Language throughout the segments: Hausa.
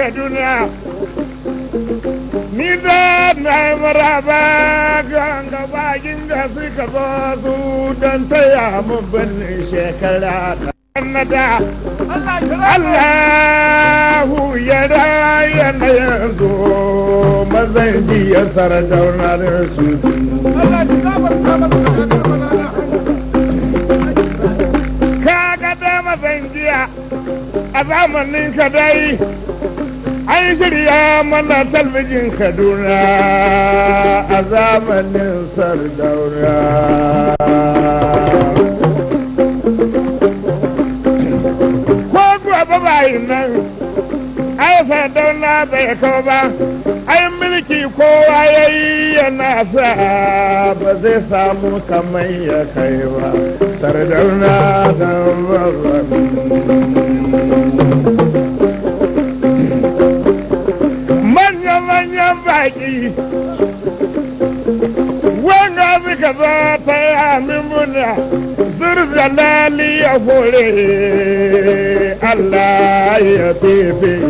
kaduna ni da na maraba ga bakin da suka zo su don taya mu birnin shekara da. Allahu ya raya na yanzu mazan jiya saradaunar su. Kaga da mazan jiya a zamanin ka dai an shirya mana talbijin kaduna a zamanin sardauna ko gaba bayin nan ai sardauna bai kawo ba ai mulki kowa ya yi yana sa ba zai samu kamar ya kai ba sardauna zan yaƙi wanda suka zafa ya mimuna lali ya hore Allah ya fefe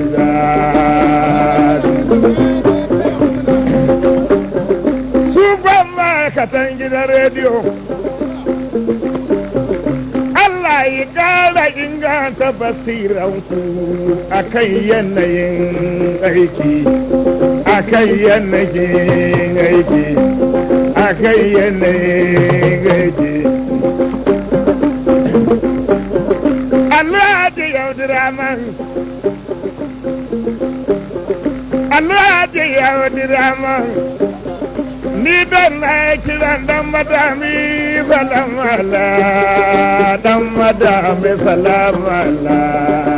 su ta ma'aikatan gidan rediyo yi ƙara inganta basiranku a kan yanayin aiki. akai yanake aiki akai yanayin aiki Allah da yaudiraman Allah da yaudiraman ni don na Allah, dan madami salamala dan madami Allah.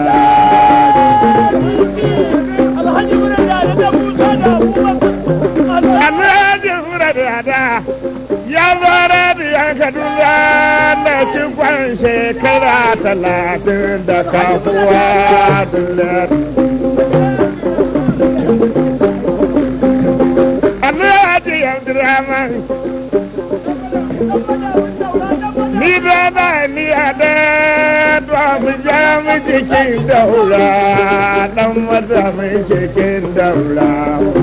kaduna ya bara da yan kaduna da cikon shekara talatin da kafuwa duniya alhaji abdurrahman ni da ba ni a da ba mu ja mu cikin daura dan mata mu cikin daura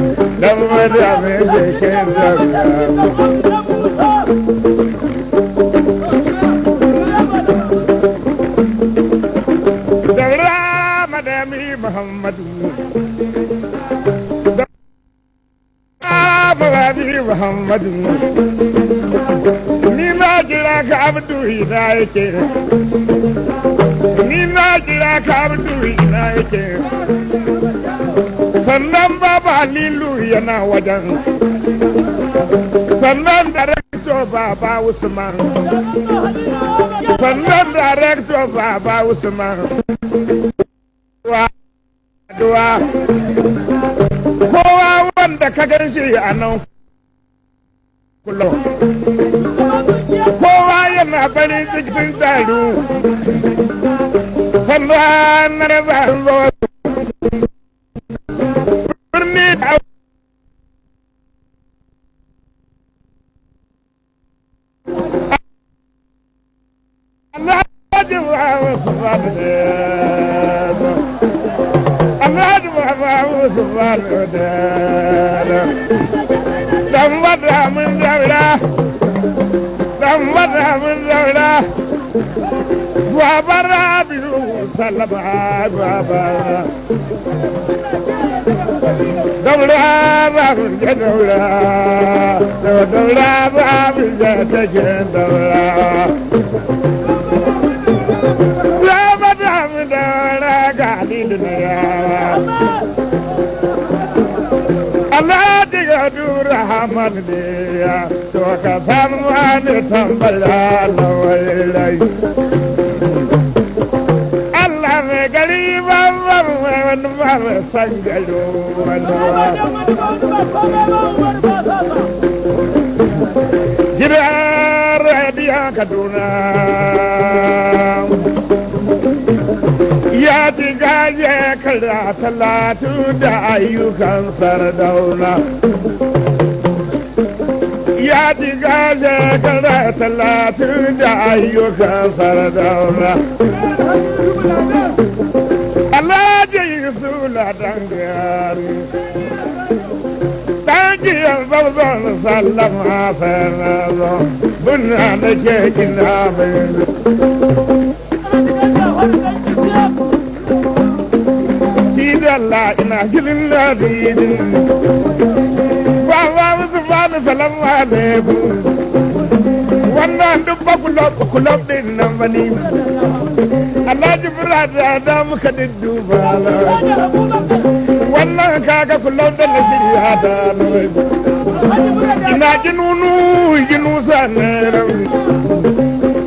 Muhammadu ni na jira ka abdu hina yake ni na jira ka abdu hina yake sannan baba halilu yana wajen sannan director baba usman sannan director baba usman kowa wanda ka gan shi a nan kowa yana bari cikin tsaru sannan na raba دموع وصفار حديد أما دموع وصفار حديد دم وضع من دولة دم وضع من دولة وبرا بيوسلم عبابا دولة ضعف دولة دولة ضعف دولة amarniya to ka san wani tambaya na wairai Allah mai gari ban ban wani mara san gado Gidan radiya Kaduna ya ji gaje kara talatu da ayyukan sardauna. daɗi gaje kana talatin da ayyukan sardauna alhaji su ladan gari ɗangiyar zauzon sallama sarrazo muna da ke gina mai Shi da Allah ina shirin ladidin wani salamu alaikum wannan duk ba kulob din nan ba ne alhaji fura da da muka dudduba wannan kaga kulob da na shiri hada ina ji nunu ji nusa ne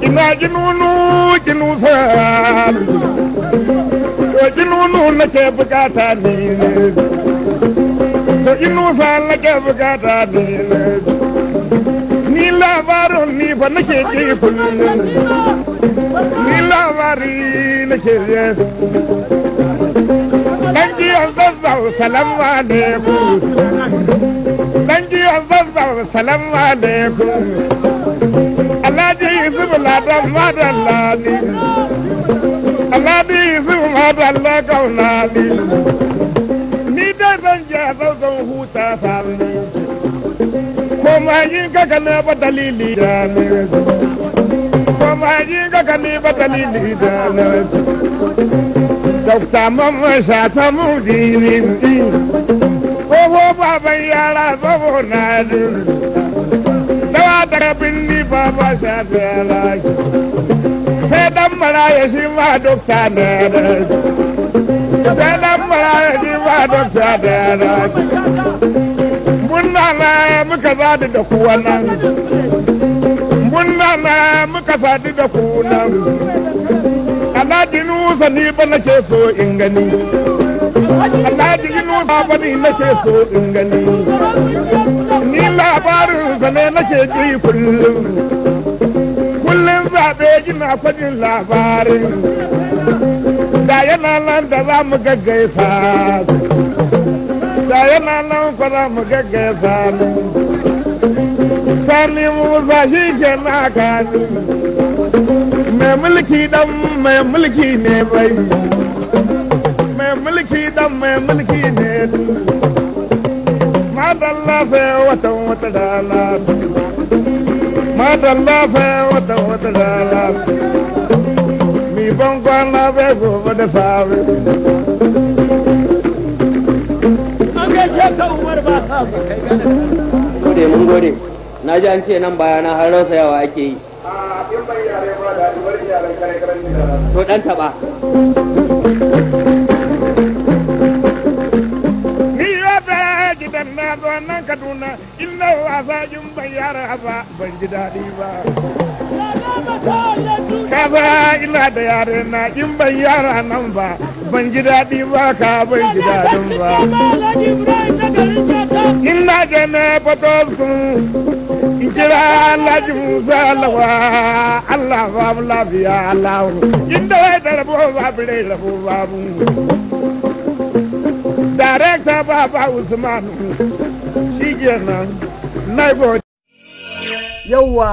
ina ji nunu ji nusa to ji nunu nake bukata ne kusa lake bukata da ni labarin ni fa nake ji kullum ni labari nake ji dan jiyon zazzau salam alaikum dan jiyon zazzau salam alaikum alhaji yusuf ladan madalla ne alhaji yusuf madalla kauna zan je zan huta sami ko ma yi kaka na ba dalili da na ko ma yi kaka ba dalili da dokta sha ta mu dini ko yara na dawa binni baba sha ta sai dan mara ya shi ma dokta don sa da yara na muka zadi da ku wannan murna muka zadi da ku nan alhaji nusa ni ba nake so in gani alhaji nusa ba ni nake so in gani ni labarin sa ne nake ji kullum kullum zaɓe gina fadin labarin da yana nan da za mu gaggaisa da yana nan fara mu gaggaya sani sani musa shi ke na kani mai mulki dan mai mulki ne bai mai mulki dan mai mulki ne madalla sai watan wata rana madalla sai watan wata rana mi ban kwana bai gobe da safe gaishe ka umar gode mun gode na ji an ce nan bayana har rausayawa ake yi to dan taba na nan Kaduna illa wasa in ban ba ban ji daɗi ba. Kaza ina da yare na in ban yara nan ba ban ji daɗi ba ka ban ji daɗin ba ina da na fito sun in kira alhaji musa lawa allah ba mu lafiya allah inda wai da rabo ba bire rabu ba mu darekta ba ba usmanu shi kenan na yawwa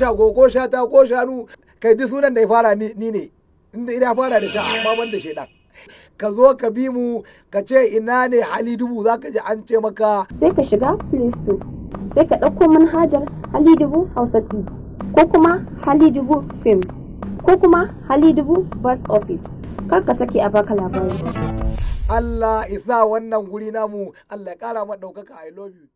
sha go ko sha ta ko shanu kai duk sunan da ya fara ni ne inda ina fara da sha amma ban da shaidan ka zo ka bi mu ka ce ina ne hali dubu za ka ji an ce maka sai ka shiga play store sai ka ɗauko manhajar hali dubu hausa t ko kuma hali dubu films ko kuma hali dubu bus office kar ka sake a baka labari Allah isa wannan guri namu Allah ya kara ma ɗaukaka I love you